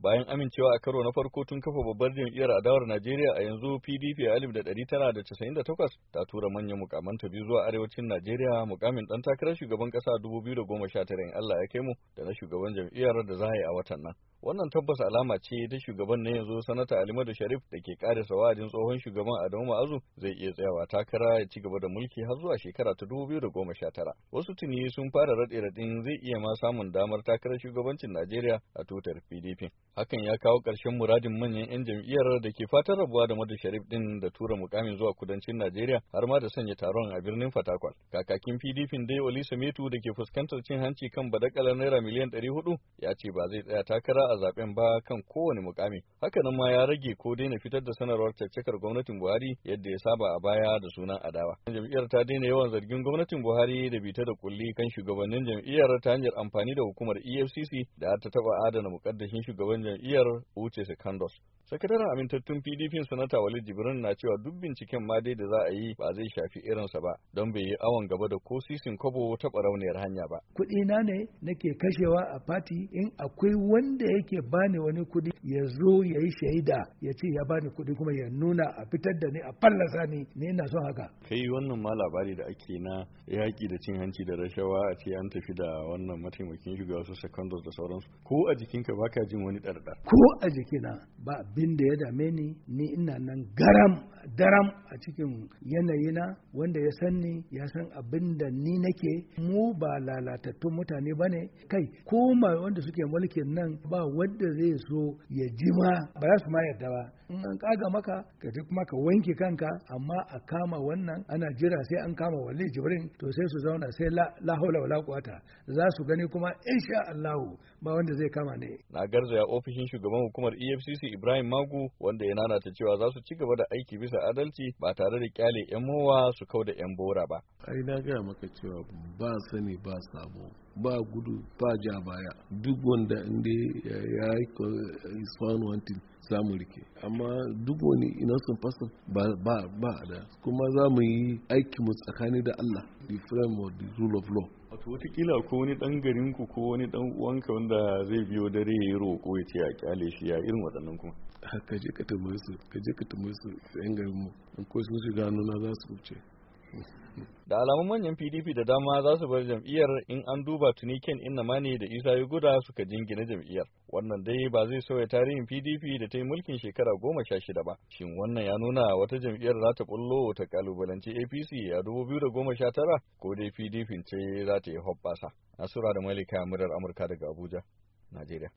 bayan amincewa a karo na farko tun kafa babbar jam'iyyar adawar Najeriya a yanzu PDP a alif da ɗari tara da casa'in da takwas ta tura manyan mukaman ta biyu zuwa arewacin Najeriya mukamin ɗan takarar shugaban ƙasa dubu biyu da goma sha tara in Allah ya kai mu da na shugaban jam'iyyar da za a yi a watan nan. wannan tabbas alama ce ta shugaban na yanzu sanata alimadu sharif da ke kare wa'adin tsohon shugaban adamu ma'azu zai iya tsayawa takara ya ci gaba da mulki har zuwa shekara ta dubu biyu da goma sha tara wasu tuni sun fara raɗe raɗin zai iya ma samun damar takarar shugabancin najeriya a tutar pdp hakan ya kawo ƙarshen muradin manyan yan jam'iyyar da ke fatan rabuwa da madu sharif din da tura mukamin zuwa kudancin najeriya har ma da sanya taron a birnin fatakwal kakakin pdp dai olisa metu da ke fuskantar cin hanci kan badakalar naira miliyan ɗari hudu ya ce ba zai tsaya takara a zaben ba kan kowane mukami hakanan ma ya rage ko daina fitar da sanarwar caccakar gwamnatin Buhari yadda ya saba a baya da sunan adawa jam'iyyar ta daina yawan zargin gwamnatin Buhari da bita da kulli kan shugabannin jam'iyyar ta hanyar amfani da hukumar EFCC da ta taba adana mukaddashin shugaban jam'iyyar Uche Secondos sakataren amintattun pdp sanata walid jibrin na cewa duk binciken ma dai da za a yi ba zai shafi irinsa ba don bai yi awon gaba da ko sisin kobo ta barauniyar hanya ba kuɗi na ne nake kashewa a fati in akwai wanda yake bani wani kuɗi ya zo ya yi shaida ya ce ya bani kuɗi kuma ya nuna a fitar da ni a fallasa ni ne ina son haka kai wannan ma labari da ake na yaƙi da cin hanci da rashawa a ce an tafi da wannan mataimakin shugaba su da sauransu ko a jikinka baka jin wani ɗarɗar ko a jikina ba abin da ya dame ni ni ina nan garam daram a cikin yanayina wanda ya san ni ya san abin da ni nake mu ba lalatattun mutane ba ne kai ko wanda suke mulkin nan ba wanda zai so ya ji ma ba za su ma yarda ba in an kaga maka ka ji kuma ka wanke kanka amma a kama wannan ana jira sai an kama wali jibrin to sai su zauna sai la haula wala quwata za su gani kuma insha Allah ba wanda zai kama ne na garzaya ofishin shugaban hukumar EFCC Ibrahim magu wanda ya nanata cewa za su ci gaba da aiki bisa adalci ba tare da kyale 'yan mowa su kau da 'yan bora ba. Ai na gaya maka cewa ba sani ba sabo ba gudu ba ja baya duk wanda inda ya yi isfan wantin samu rike amma duk wani sun fasa ba da kuma za mu yi aiki mu tsakani da Allah the framework the rule of law wato watakila ko wani ɗan garin ku ko wani dan uwanka wanda zai biyo dare ya roƙo ya ce a kyale shi ya irin waɗannan kuma ka je ka tambaye su ka je ka su yan garin mu ko sun shiga nuna za su wuce da alamun manyan pdp da dama za su bar jam'iyyar in an duba tuni ken inna da isa yi guda suka jingina jam'iyyar wannan dai ba zai sauya tarihin pdp da ta yi mulkin shekara goma sha shida ba shin wannan ya nuna wata jam'iyyar za ta bullo ta kalubalance apc a dubu biyu da goma sha tara ko dai pdp ce za ta yi hoɓɓasa nasura da malika murar amurka daga abuja najeriya